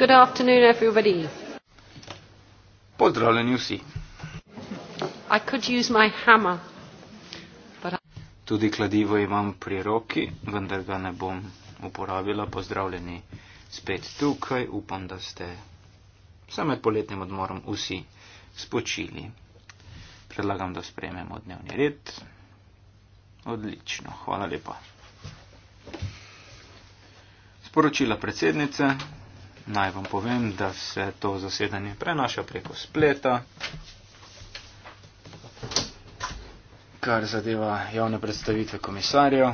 Good afternoon, everybody. Pozdravljeni vsi. I could use my hammer, but I... Tudi kladivo imam pri roki, vendar ga ne bom uporabila. Pozdravljeni spet tukaj. Upam, da ste se med poletnim odmorom vsi spočili. Predlagam, da sprejmemo dnevni red. Odlično, hvala lepa. Sporočila predsednice, Naj vam povem, da se to zasedanje prenaša preko spleta. Kar zadeva javne predstavitve komisarjev,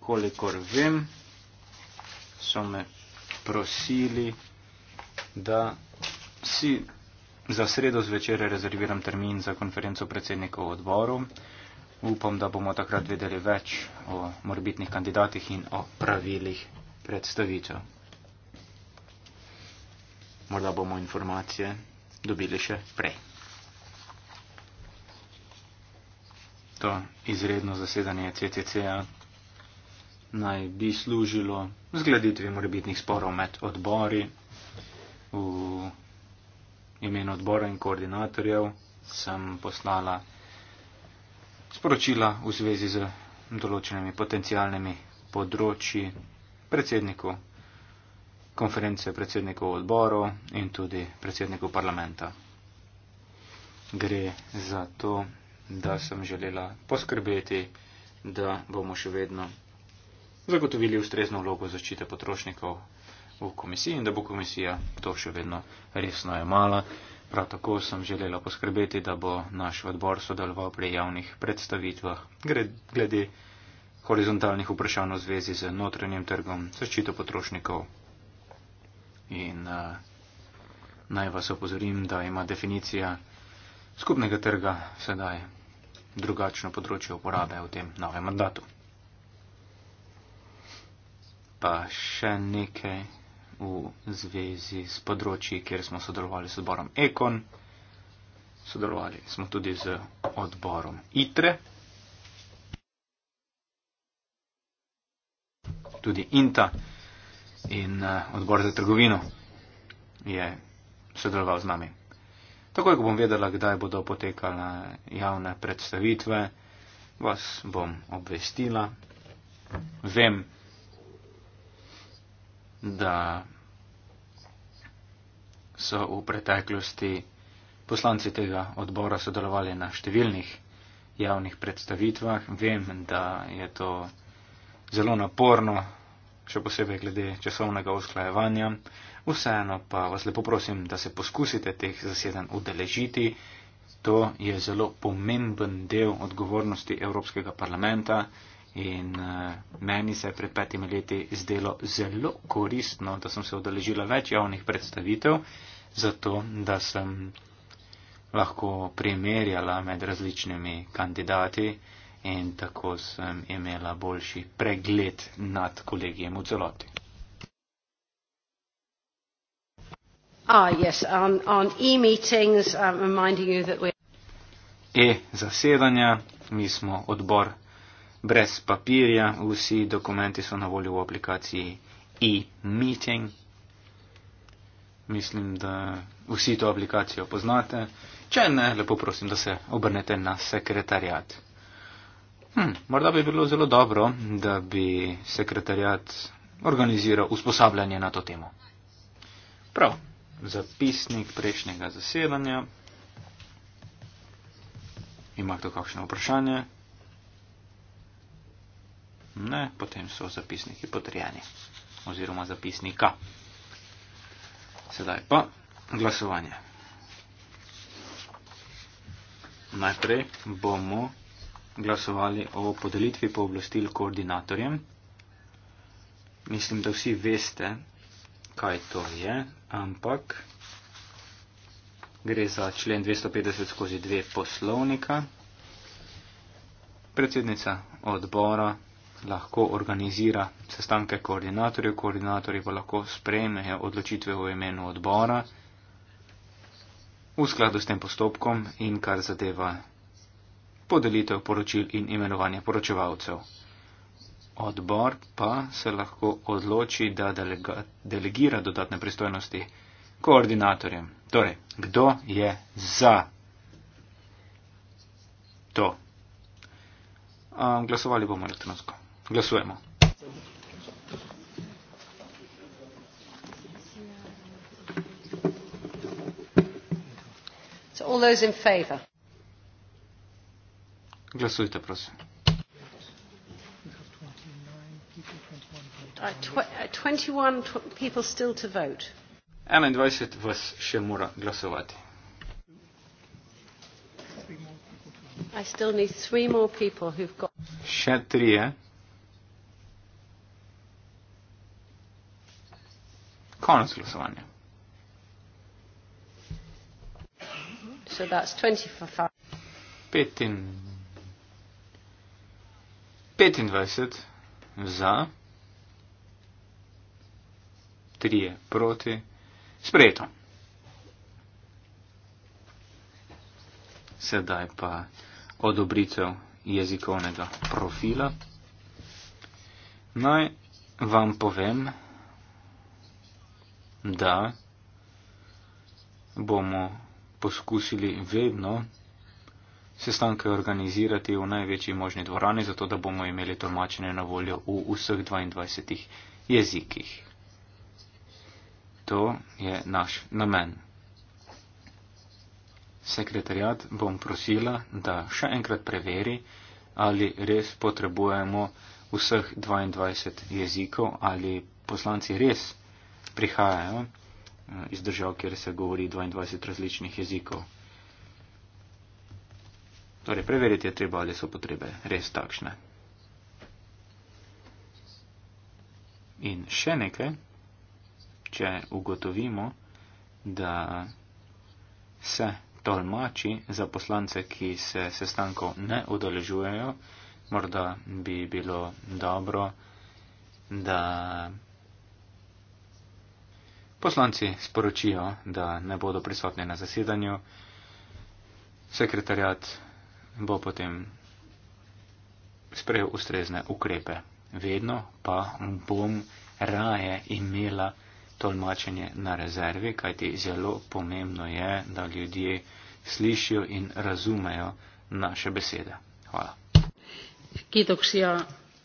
kolikor vem, so me prosili, da si za sredo zvečer rezerviram termin za konferenco predsednikov odborov upam, da bomo takrat vedeli več o morbitnih kandidatih in o pravilih predstavitev. Morda bomo informacije dobili še prej. To izredno zasedanje CCC-ja naj bi služilo zgladitvi morbitnih sporov med odbori v imenu odbora in koordinatorjev. Sem poslala sporočila v zvezi z določenimi potencijalnimi področji predsedniku konference, predsedniku odborov in tudi predsedniku parlamenta. Gre za to, da sem želela poskrbeti, da bomo še vedno zagotovili ustrezno vlogo zaščite potrošnikov v komisiji in da bo komisija to še vedno resno jemala. Prav tako sem želela poskrbeti, da bo naš odbor sodeloval pri javnih predstavitvah glede horizontalnih vprašanj v zvezi z notranjim trgom, zaščito potrošnikov. In uh, naj vas opozorim, da ima definicija skupnega trga sedaj drugačno področje uporabe v tem novem mandatu. Pa še nekaj v zvezi s področji, kjer smo sodelovali s odborom Ekon, sodelovali smo tudi z odborom ITRE. Tudi INTA in eh, odbor za trgovino je sodeloval z nami. Takoj, ko bom vedela, kdaj bodo potekale javne predstavitve, vas bom obvestila. Vem, da so v preteklosti poslanci tega odbora sodelovali na številnih javnih predstavitvah. Vem, da je to zelo naporno, še posebej glede časovnega usklajevanja. Vseeno pa vas lepo prosim, da se poskusite teh zasedanj udeležiti. To je zelo pomemben del odgovornosti Evropskega parlamenta. In uh, meni se je pred petimi leti zdelo zelo koristno, da sem se odeležila več javnih predstavitev, zato da sem lahko primerjala med različnimi kandidati in tako sem imela boljši pregled nad kolegijem v celoti. Ah, yes, on, on e-meetings, I'm reminding you that we're... E-zasedanja, mi smo odbor brez papirja, vsi dokumenti so na voljo v aplikaciji e-meeting. Mislim, da vsi to aplikacijo poznate. Če ne, lepo prosim, da se obrnete na sekretarjat. Hm, morda bi bilo zelo dobro, da bi sekretarjat organiziral usposabljanje na to temo. Prav, zapisnik prejšnjega zasedanja. Imate kakšno vprašanje? Ne, potem so zapisniki potrjeni oziroma zapisnika. Sedaj pa glasovanje. Najprej bomo glasovali o podelitvi pooblastil koordinatorjem. Mislim, da vsi veste, kaj to je, ampak gre za člen 250 skozi 2 poslovnika. Predsednica odbora lahko organizira sestanke koordinatorjev, koordinatorji pa lahko sprejmejo odločitve v imenu odbora v skladu s tem postopkom in kar zadeva podelitev poročil in imenovanje poročevalcev. Odbor pa se lahko odloči, da delega, delegira dodatne pristojnosti koordinatorjem. Torej, kdo je za to? Um, glasovali bomo elektronsko. Glasujemo. All those in favor. Glasujte, prosim. Uh, uh, Enaindvajset vas še mora glasovati. Še trije. Konec glasovanja. So that's 25 za, 3 proti, sprejeto. Sedaj pa odobritev jezikovnega profila. Naj vam povem, da da bomo poskusili vedno sestanke organizirati v največji možni dvorani, zato da bomo imeli tolmačenje na voljo v vseh 22 jezikih. To je naš namen. Sekretarjat bom prosila, da še enkrat preveri, ali res potrebujemo vseh 22 jezikov, ali poslanci res prihajajo ja, iz držav, kjer se govori 22 različnih jezikov. Torej, preveriti je treba, ali so potrebe res takšne. In še nekaj, če ugotovimo, da se tolmači za poslance, ki se sestankov ne udeležujejo, morda bi bilo dobro, da Poslanci sporočijo, da ne bodo prisotni na zasedanju. Sekretarjat bo potem sprejel ustrezne ukrepe. Vedno pa bom raje imela tolmačenje na rezervi, kajti zelo pomembno je, da ljudje slišijo in razumejo naše besede. Hvala. Kitoksija,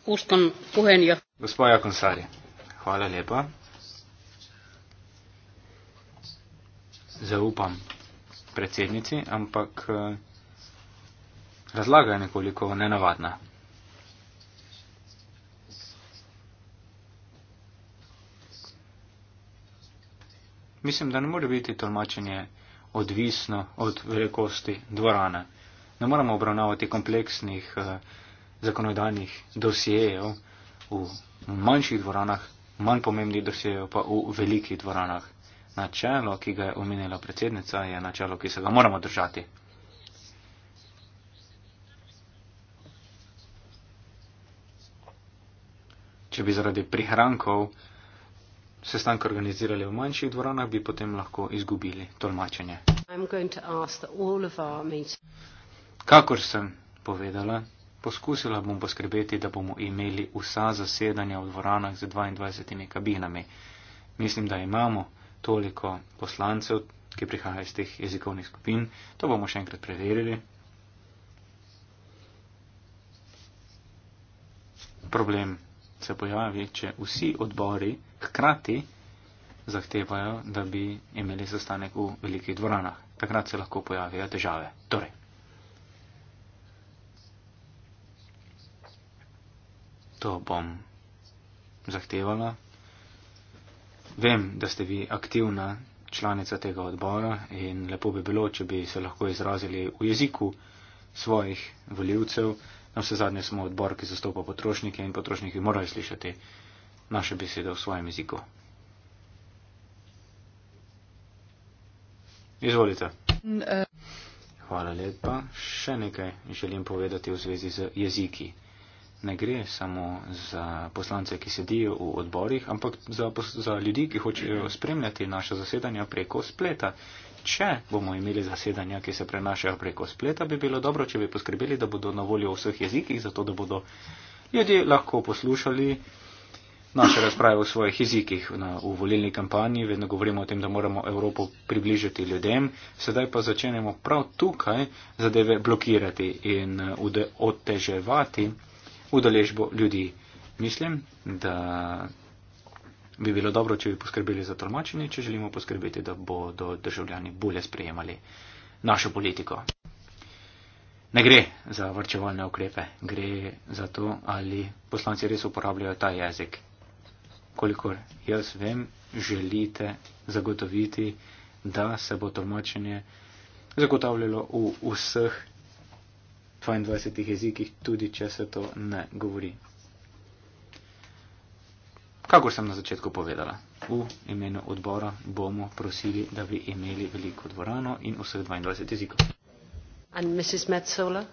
ustan puhenja. Gospod Jakonsari, hvala lepa. zaupam predsednici, ampak eh, razlaga je nekoliko nenavadna. Mislim, da ne more biti tolmačenje odvisno od velikosti dvorane. Ne moramo obravnavati kompleksnih eh, zakonodajnih dosijejev v manjših dvoranah, manj pomembnih dosijejev pa v velikih dvoranah načelo, ki ga je omenila predsednica, je načelo, ki se ga moramo držati. Če bi zaradi prihrankov sestanke organizirali v manjših dvoranah, bi potem lahko izgubili tolmačenje. Kakor sem povedala, poskusila bom poskrbeti, da bomo imeli vsa zasedanja v dvoranah z 22 kabinami. Mislim, da imamo toliko poslancev, ki prihajajo iz teh jezikovnih skupin. To bomo še enkrat preverili. Problem se pojavi, če vsi odbori hkrati zahtevajo, da bi imeli sestanek v velikih dvoranah. Takrat se lahko pojavijo težave. Torej. To bom zahtevala, Vem, da ste vi aktivna članica tega odbora in lepo bi bilo, če bi se lahko izrazili v jeziku svojih voljivcev. Na vse zadnje smo odbor, ki zastopa potrošnike in potrošniki morajo slišati naše besede v svojem jeziku. Izvolite. Eh. Hvala lepa. Še nekaj želim povedati v zvezi z jeziki ne gre samo za poslance, ki sedijo v odborih, ampak za, za ljudi, ki hočejo spremljati naše zasedanja preko spleta. Če bomo imeli zasedanja, ki se prenašajo preko spleta, bi bilo dobro, če bi poskrbeli, da bodo na voljo v vseh jezikih, zato da bodo ljudje lahko poslušali naše razprave v svojih jezikih. Na, v volilni kampanji vedno govorimo o tem, da moramo Evropo približati ljudem, sedaj pa začenjamo prav tukaj zadeve blokirati in uh, oteževati. Ode, udeležbo ljudi. Mislim, da bi bilo dobro, če bi poskrbeli za tolmačenje, če želimo poskrbeti, da bodo državljani bolje sprejemali našo politiko. Ne gre za vrčevalne ukrepe, gre za to, ali poslanci res uporabljajo ta jezik. Kolikor jaz vem, želite zagotoviti, da se bo tolmačenje zagotavljalo v vseh 22 jezikih, tudi če se to ne govori. Kakor sem na začetku povedala, v imenu odbora bomo prosili, da bi imeli veliko dvorano in vseh 22 jezikov. And Mrs. Metzola.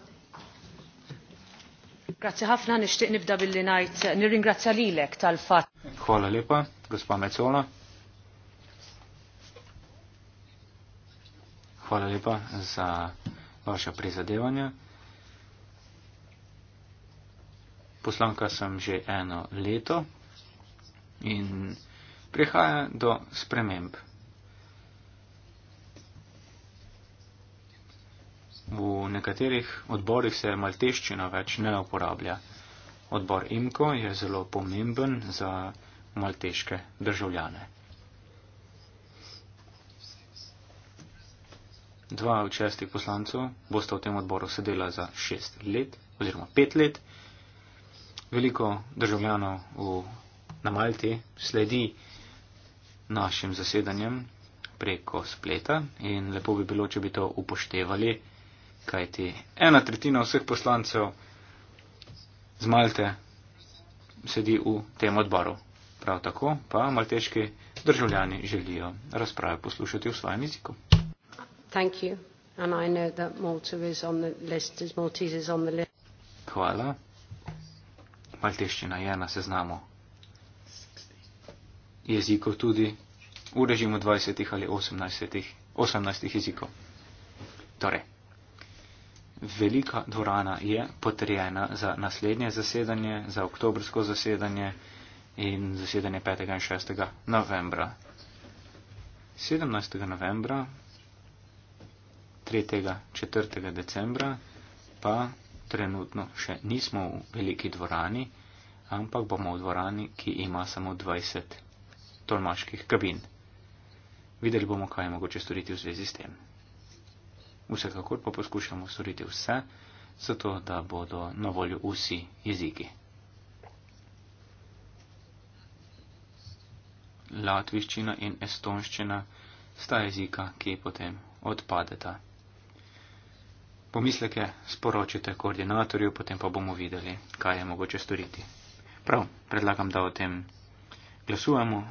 Grazie hafna ne štetni da bi li najt, eh, ne ringracia lilek tal fat. Hvala lepa, gospa Metzola. Hvala lepa za vaše prizadevanje. poslanka sem že eno leto in prihaja do sprememb. V nekaterih odborih se malteščina več ne uporablja. Odbor IMKO je zelo pomemben za malteške državljane. Dva od šestih poslancev bosta v tem odboru sedela za šest let oziroma pet let veliko državljanov v, na Malti sledi našim zasedanjem preko spleta in lepo bi bilo, če bi to upoštevali, kajti ena tretjina vseh poslancev z Malte sedi v tem odboru. Prav tako pa malteški državljani želijo razprave poslušati v svojem jeziku. Hvala. Malteščina je na seznamu. Jezikov tudi v režimu 20 ali 18, 18 jezikov. Torej, velika dvorana je potrjena za naslednje zasedanje, za oktobrsko zasedanje in zasedanje 5. in 6. novembra. 17. novembra, 3. in 4. decembra pa trenutno še nismo v veliki dvorani, ampak bomo v dvorani, ki ima samo 20 tolmaških kabin. Videli bomo, kaj je mogoče storiti v zvezi s tem. Vsekakor pa poskušamo storiti vse, zato da bodo na voljo vsi jeziki. Latviščina in estonščina sta jezika, ki potem odpadeta pomisleke sporočite koordinatorju, potem pa bomo videli, kaj je mogoče storiti. Prav, predlagam, da o tem glasujemo,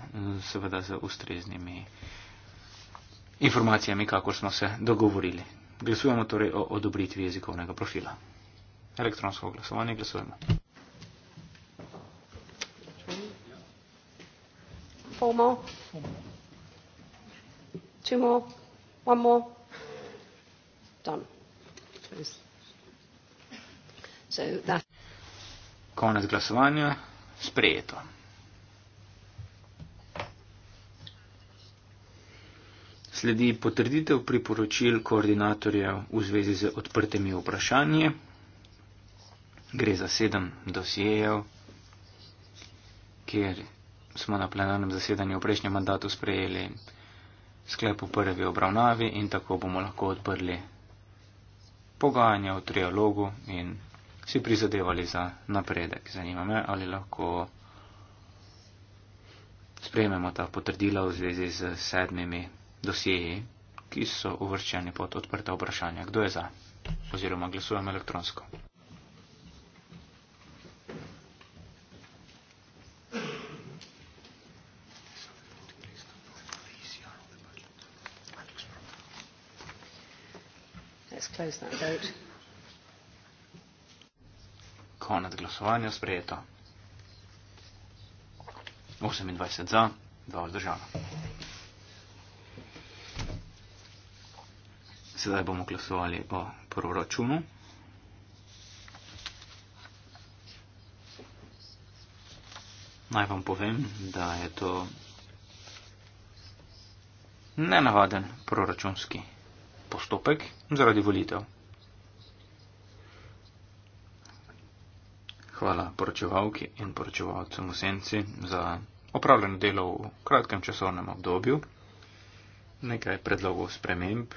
seveda z ustreznimi informacijami, kako smo se dogovorili. Glasujemo torej o odobritvi jezikovnega profila. Elektronsko glasovanje glasujemo. Fomo. Čemo? Vamo? Done service. So that... Konec glasovanja, sprejeto. Sledi potrditev priporočil koordinatorjev v zvezi z odprtimi vprašanji. Gre za sedem dosijejev, kjer smo na plenarnem zasedanju v prejšnjem mandatu sprejeli sklep v prvi obravnavi in tako bomo lahko odprli pogajanja v trialogu in si prizadevali za napredek. Zanima me, ali lahko sprejmemo ta potrdila v zvezi z sedmimi dosjeji, ki so uvrščeni pod odprta vprašanja. Kdo je za? Oziroma glasujem elektronsko. close that vote. Konec glasovanja sprejeto. 28 za, 2 vzdržana. Sedaj bomo glasovali o proračunu. Naj vam povem, da je to nenavaden proračunski proračun postopek zaradi volitev. Hvala poročevalki in poročevalcem v senci za opravljeno delo v kratkem časovnem obdobju. Nekaj predlogov sprememb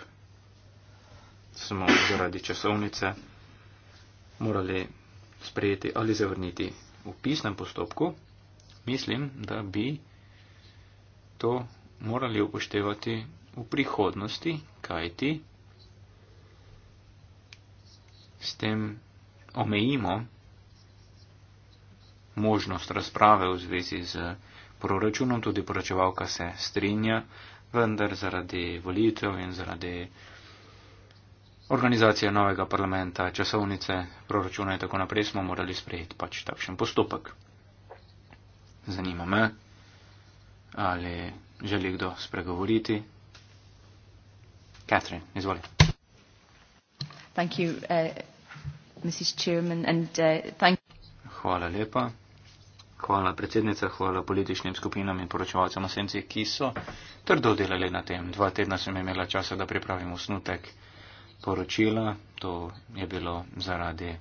smo zaradi časovnice morali sprejeti ali zavrniti v pisnem postopku. Mislim, da bi to morali upoštevati v prihodnosti, kaj ti s tem omejimo možnost razprave v zvezi z proračunom, tudi poračevalka se strinja, vendar zaradi volitev in zaradi organizacije novega parlamenta, časovnice, proračuna in tako naprej smo morali sprejeti pač takšen postopek. Zanima me, ali želi kdo spregovoriti. Catherine, izvolite. Thank you, uh, Mrs. Chairman, and, uh, thank hvala lepa. Hvala predsednica, hvala političnim skupinam in poročevalcem Asenci, ki so trdo delali na tem. Dva tedna sem imela časa, da pripravim osnutek poročila. To je bilo zaradi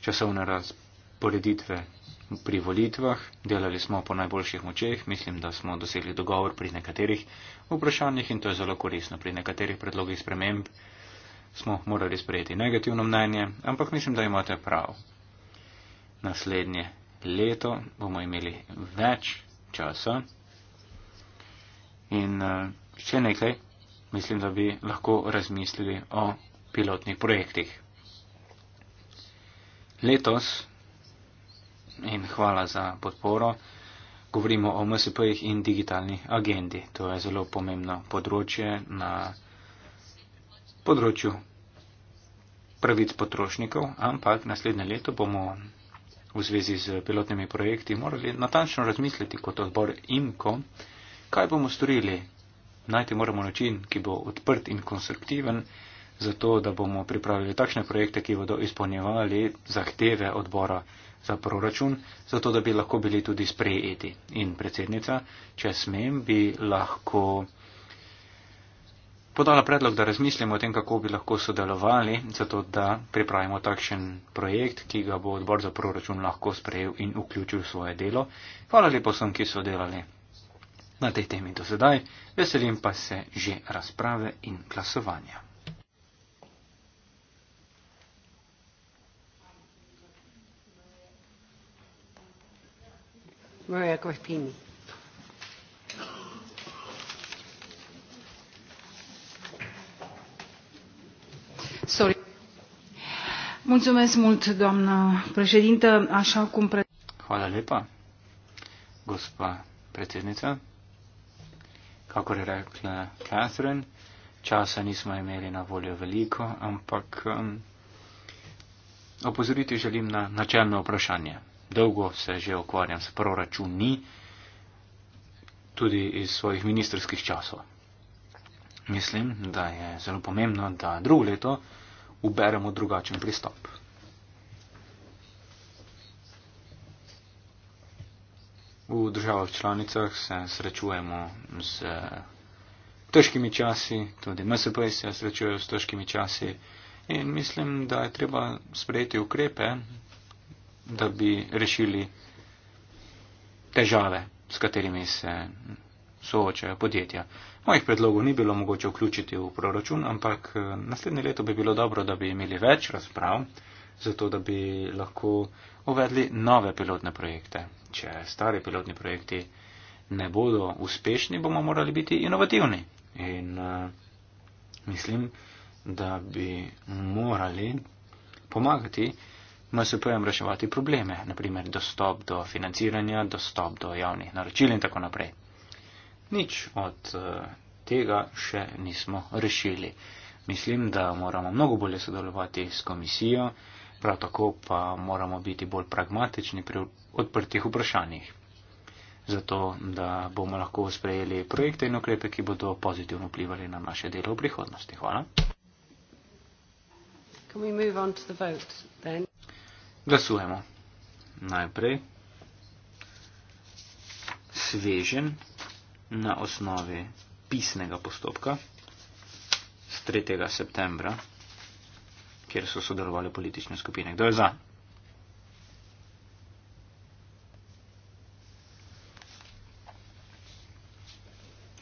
časovne razporeditve pri volitvah, delali smo po najboljših močeh, mislim, da smo dosegli dogovor pri nekaterih vprašanjih in to je zelo korisno. Pri nekaterih predlogih sprememb smo morali sprejeti negativno mnenje, ampak mislim, da imate prav. Naslednje leto bomo imeli več časa in eh, še nekaj, mislim, da bi lahko razmislili o pilotnih projektih. Letos in hvala za podporo. Govorimo o MSP-jih in digitalni agendi. To je zelo pomembno področje na področju pravic potrošnikov, ampak naslednje leto bomo v zvezi z pilotnimi projekti morali natančno razmisliti kot odbor IMKO, kaj bomo storili. Najti moramo način, ki bo odprt in konstruktiven zato, da bomo pripravili takšne projekte, ki bodo izpolnjevali zahteve odbora za proračun, zato da bi lahko bili tudi sprejeti. In predsednica, če smem, bi lahko podala predlog, da razmislimo o tem, kako bi lahko sodelovali, zato da pripravimo takšen projekt, ki ga bo odbor za proračun lahko sprejel in vključil v svoje delo. Hvala lepo vsem, ki so delali na tej temi do sedaj. Veselim pa se že razprave in glasovanja. Maria Corpini. Sorry. Mulțumesc mult, doamnă președintă, așa cum... Pre... Hvala lepa, gospa predsednica. Kakor je rekla Catherine, časa nismo imeli na voljo veliko, ampak um, opozoriti želim na načelno vprašanje dolgo se že okvarjam s proračuni, tudi iz svojih ministerskih časov. Mislim, da je zelo pomembno, da drugo leto uberemo drugačen pristop. V državah članicah se srečujemo z težkimi časi, tudi MSP se srečujejo s težkimi časi in mislim, da je treba sprejeti ukrepe, da bi rešili težave, s katerimi se soočajo podjetja. Mojih predlogov ni bilo mogoče vključiti v proračun, ampak eh, naslednje leto bi bilo dobro, da bi imeli več razprav, zato da bi lahko uvedli nove pilotne projekte. Če stari pilotni projekti ne bodo uspešni, bomo morali biti inovativni. In uh, mislim, da bi morali pomagati MSP-jem reševati probleme, naprimer dostop do financiranja, dostop do javnih naročil in tako naprej. Nič od eh, tega še nismo rešili. Mislim, da moramo mnogo bolje sodelovati s komisijo, prav tako pa moramo biti bolj pragmatični pri odprtih vprašanjih. Zato, da bomo lahko sprejeli projekte in ukrepe, ki bodo pozitivno vplivali na naše delo v prihodnosti. Hvala. Can we move on to the vote then? Glasujemo. Najprej svežen na osnovi pisnega postopka z 3. septembra, kjer so sodelovali politične skupine. Kdo je za?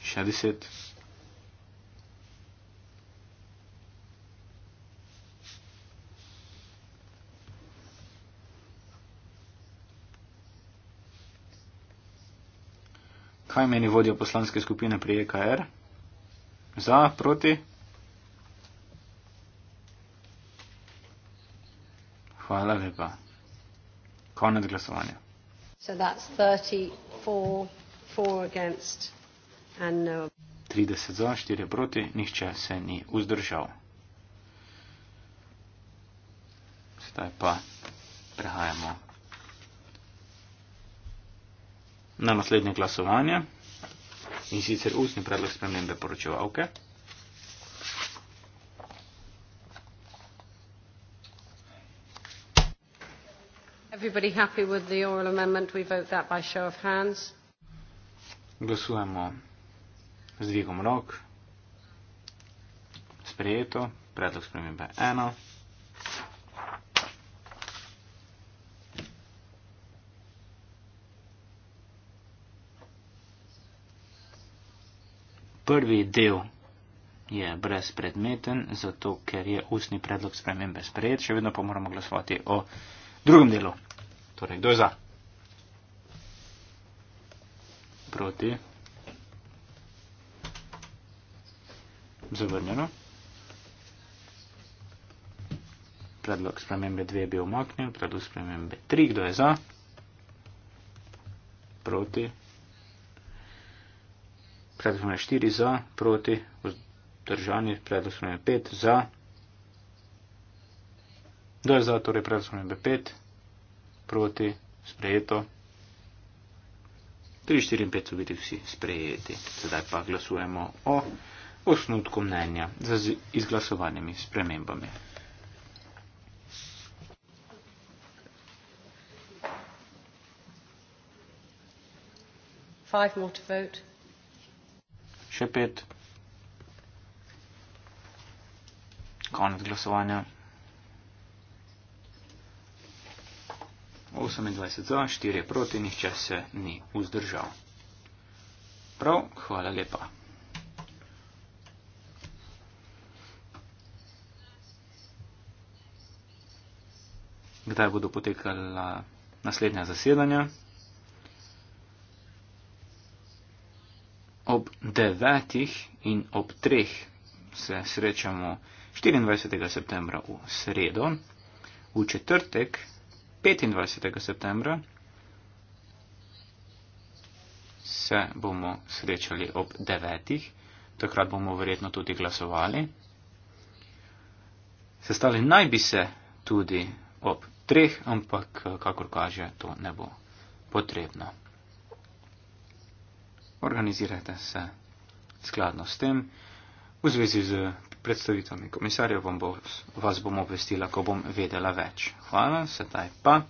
Še deset. kaj meni vodja poslanske skupine pri EKR? Za, proti? Hvala lepa. Konec glasovanja. So that's 34 for against and no. 30 za, 4 proti, nihče se ni vzdržal. Zdaj pa prehajamo na naslednje glasovanje in sicer ustni predlog spremembe poročevalke. Everybody happy with the oral amendment? We vote that by show of hands. Glasujemo z dvigom rok. Sprejeto. Predlog spremembe 1. prvi del je brezpredmeten, zato ker je ustni predlog spremembe sprejet, še vedno pa moramo glasovati o drugem delu. Torej, kdo je za? Proti. Zavrnjeno. Predlog spremembe 2 je bil omaknjen, predlog spremembe 3, kdo je za? Proti predlog na 4 za, proti, vzdržani, predlog na 5 za. Kdo je za, torej predlog na 5, proti, sprejeto. 3, 4 in 5 so bili vsi sprejeti. Sedaj pa glasujemo o osnutku mnenja z izglasovanimi spremembami. Five more to vote še pet. Konec glasovanja. 28 za, 4 proti, nihče se ni vzdržal. Prav, hvala lepa. Kdaj bodo potekala naslednja zasedanja? ob devetih in ob treh se srečamo 24. septembra v sredo, v četrtek 25. septembra se bomo srečali ob devetih, takrat bomo verjetno tudi glasovali. Sestali naj bi se tudi ob treh, ampak kakor kaže, to ne bo potrebno organizirajte se skladno s tem. V zvezi z predstavitvami komisarjev bo, vas bom obvestila, ko bom vedela več. Hvala, sedaj pa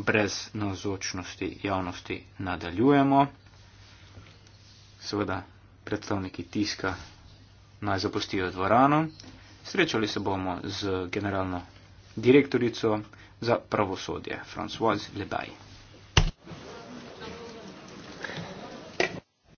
brez navzočnosti javnosti nadaljujemo. Seveda predstavniki tiska naj zapustijo dvorano. Srečali se bomo z generalno direktorico za pravosodje Françoise Lebaj.